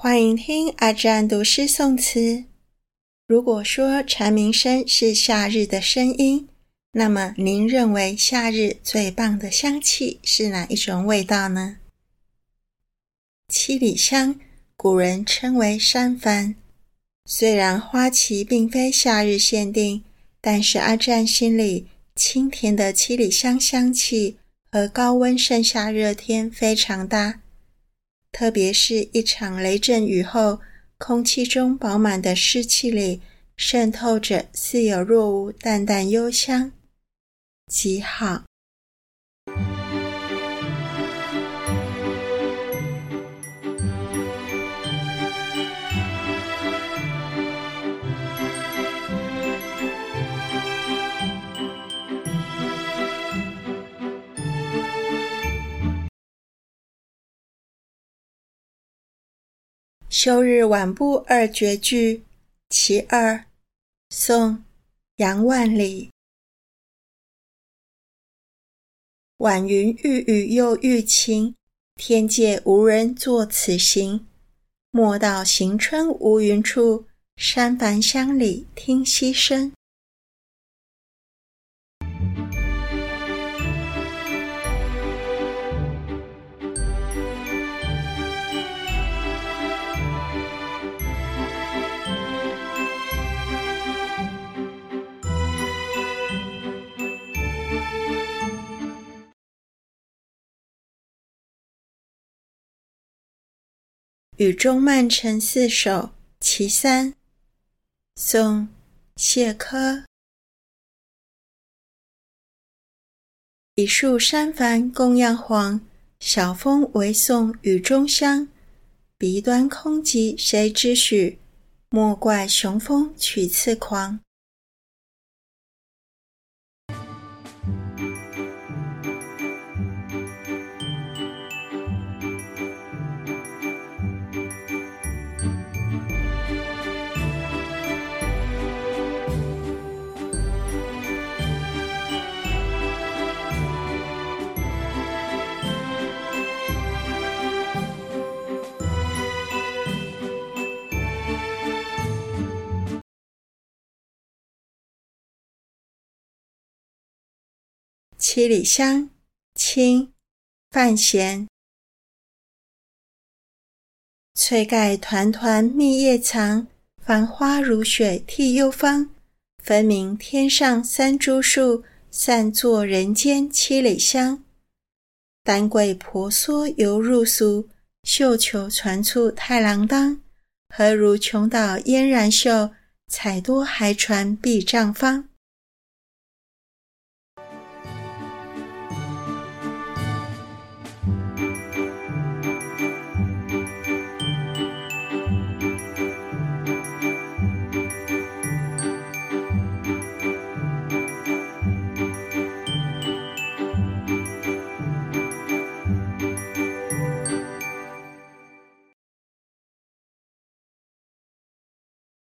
歡迎聽阿占讀詩誦詞。如果說蟬鳴聲是夏日的聲音，那麼您認為夏日最棒的香氣是哪一種味道呢？七里香，古人稱為山礬。雖然花期並非夏日限定，但是阿占心裡，清甜的七里香香氣和高溫盛夏熱天非常搭。特別是一場雷陣雨後，空氣中飽滿的濕氣裡滲透着似有若無淡淡幽香，極好。休日晚步二絕句其二，宋·楊萬里。晚雲欲雨又欲晴，天借吾人作此行。莫道行春無雲處，山礬香裡聽溪聲。雨中漫成四首其三，宋·謝薖。一樹山礬宮樣黃，曉風微送雨中香。鼻端空寂誰知許，莫怪雄蜂取次狂。七里香，清，范咸。翠蓋團團密葉藏，繁花如雪殢幽芳。分明天上三珠樹，散作人間七里香。丹桂婆娑猶入俗，繡毬攢簇太郎當。何如瓊島嫣然秀，采掇還傳辟瘴方。